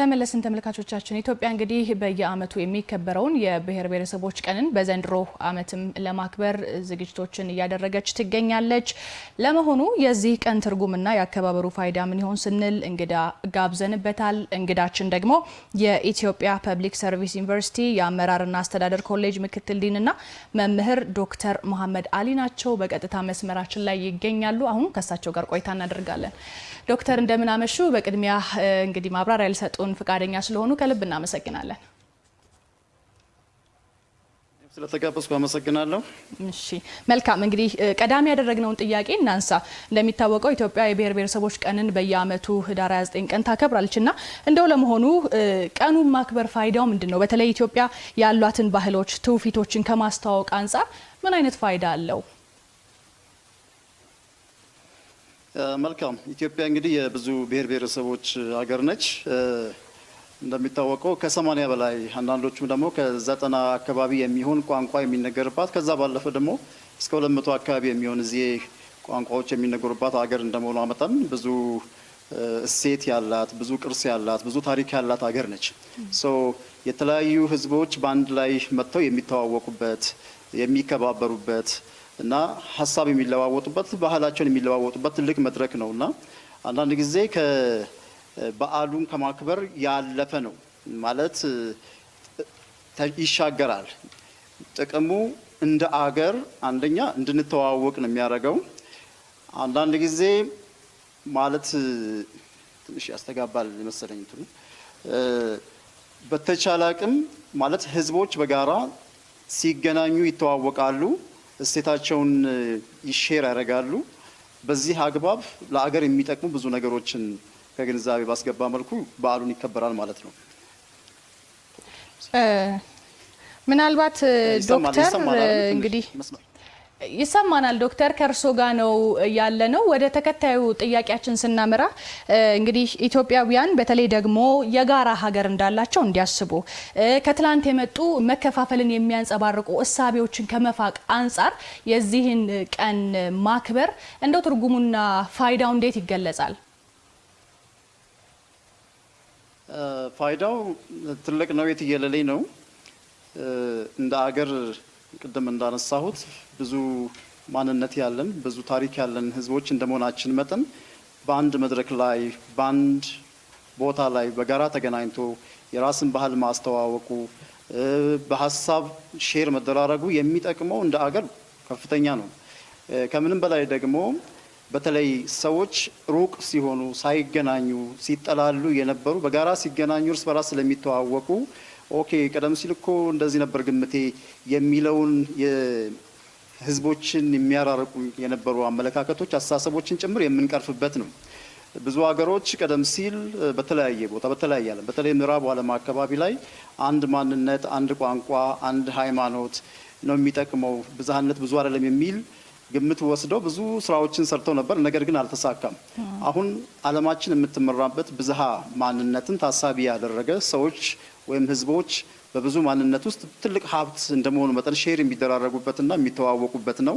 ተመለስን ተመልካቾቻችን። ኢትዮጵያ እንግዲህ በየዓመቱ የሚከበረውን የብሔር ብሔረሰቦች ቀንን በዘንድሮ አመትም ለማክበር ዝግጅቶችን እያደረገች ትገኛለች። ለመሆኑ የዚህ ቀን ትርጉምና የአከባበሩ ፋይዳ ምን ይሆን ስንል እንግዳ ጋብዘንበታል። እንግዳችን ደግሞ የኢትዮጵያ ፐብሊክ ሰርቪስ ዩኒቨርሲቲ የአመራርና አስተዳደር ኮሌጅ ምክትል ዲንና መምህር ዶክተር መሐመድ አሊ ናቸው። በቀጥታ መስመራችን ላይ ይገኛሉ። አሁን ከእሳቸው ጋር ቆይታ እናደርጋለን። ዶክተር እንደምን አመሹ? በቅድሚያ እንግዲህ ማብራሪያ ሊሰጡን ሊያግዙን ፈቃደኛ ስለሆኑ ከልብ እናመሰግናለን። ስለተጋበዝኩ አመሰግናለሁ። እሺ መልካም እንግዲህ ቀዳሚ ያደረግነውን ጥያቄ እናንሳ። እንደሚታወቀው ኢትዮጵያ የብሔር ብሔረሰቦች ቀንን በየአመቱ ህዳር 29 ቀን ታከብራለች እና እንደው ለመሆኑ ቀኑን ማክበር ፋይዳው ምንድን ነው? በተለይ ኢትዮጵያ ያሏትን ባህሎች፣ ትውፊቶችን ከማስተዋወቅ አንጻር ምን አይነት ፋይዳ አለው? መልካም ኢትዮጵያ እንግዲህ የብዙ ብሔር ብሔረሰቦች ሀገር ነች። እንደሚታወቀው ከሰማኒያ በላይ አንዳንዶቹም ደግሞ ከዘጠና አካባቢ የሚሆን ቋንቋ የሚነገርባት ከዛ ባለፈ ደግሞ እስከ ሁለት መቶ አካባቢ የሚሆን እዚህ ቋንቋዎች የሚነገሩባት ሀገር እንደመሆኗ መጠን ብዙ እሴት ያላት ብዙ ቅርስ ያላት ብዙ ታሪክ ያላት ሀገር ነች። ሶ የተለያዩ ህዝቦች በአንድ ላይ መጥተው የሚተዋወቁበት የሚከባበሩበት እና ሀሳብ የሚለዋወጡበት ባህላቸውን የሚለዋወጡበት ትልቅ መድረክ ነው እና አንዳንድ ጊዜ በዓሉን ከማክበር ያለፈ ነው ማለት ይሻገራል። ጥቅሙ እንደ አገር አንደኛ እንድንተዋወቅ ነው የሚያደርገው። አንዳንድ ጊዜ ማለት ትንሽ ያስተጋባል መሰለኝ እንትኑ በተቻለ አቅም ማለት ህዝቦች በጋራ ሲገናኙ ይተዋወቃሉ። እሴታቸውን ይሼር ያደርጋሉ። በዚህ አግባብ ለአገር የሚጠቅሙ ብዙ ነገሮችን ከግንዛቤ ባስገባ መልኩ በዓሉን ይከበራል ማለት ነው። ምናልባት ዶክተር እንግዲህ ይሰማናል ዶክተር ከእርሶ ጋር ነው ያለ ነው። ወደ ተከታዩ ጥያቄያችን ስናምራ እንግዲህ ኢትዮጵያውያን በተለይ ደግሞ የጋራ ሀገር እንዳላቸው እንዲያስቡ ከትላንት የመጡ መከፋፈልን የሚያንጸባርቁ እሳቤዎችን ከመፋቅ አንጻር የዚህን ቀን ማክበር እንደው ትርጉሙና ፋይዳው እንዴት ይገለጻል? ፋይዳው ትልቅ ነው፣ የትየለሌ ነው እንደ አገር ቅድም እንዳነሳሁት ብዙ ማንነት ያለን ብዙ ታሪክ ያለን ህዝቦች እንደመሆናችን መጠን በአንድ መድረክ ላይ በአንድ ቦታ ላይ በጋራ ተገናኝቶ የራስን ባህል ማስተዋወቁ በሀሳብ ሼር መደራረጉ የሚጠቅመው እንደ አገር ከፍተኛ ነው። ከምንም በላይ ደግሞ በተለይ ሰዎች ሩቅ ሲሆኑ ሳይገናኙ ሲጠላሉ የነበሩ በጋራ ሲገናኙ እርስ በራስ ስለሚተዋወቁ ኦኬ ቀደም ሲል እኮ እንደዚህ ነበር ግምቴ የሚለውን ህዝቦችን የሚያራርቁ የነበሩ አመለካከቶች፣ አስተሳሰቦችን ጭምር የምንቀርፍበት ነው። ብዙ ሀገሮች ቀደም ሲል በተለያየ ቦታ በተለያየ ዓለም በተለይ ምዕራቡ ዓለም አካባቢ ላይ አንድ ማንነት፣ አንድ ቋንቋ፣ አንድ ሃይማኖት ነው የሚጠቅመው ብዝሃነት ብዙ አይደለም የሚል ግምት ወስደው ብዙ ስራዎችን ሰርተው ነበር። ነገር ግን አልተሳካም። አሁን ዓለማችን የምትመራበት ብዝሃ ማንነትን ታሳቢ ያደረገ ሰዎች ወይም ህዝቦች በብዙ ማንነት ውስጥ ትልቅ ሀብት እንደመሆኑ መጠን ሼር የሚደራረጉበትና የሚተዋወቁበት ነው።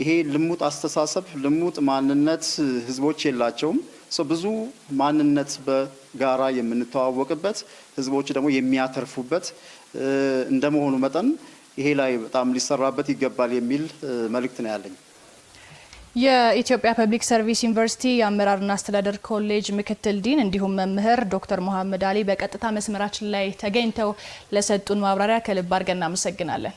ይሄ ልሙጥ አስተሳሰብ፣ ልሙጥ ማንነት ህዝቦች የላቸውም። ብዙ ማንነት በጋራ የምንተዋወቅበት ህዝቦች ደግሞ የሚያተርፉበት እንደመሆኑ መጠን ይሄ ላይ በጣም ሊሰራበት ይገባል የሚል መልእክት ነው ያለኝ። የኢትዮጵያ ፐብሊክ ሰርቪስ ዩኒቨርሲቲ የአመራርና አስተዳደር ኮሌጅ ምክትል ዲን እንዲሁም መምህር ዶክተር መሀመድ አሊ በቀጥታ መስመራችን ላይ ተገኝተው ለሰጡን ማብራሪያ ከልብ አድርገን እናመሰግናለን።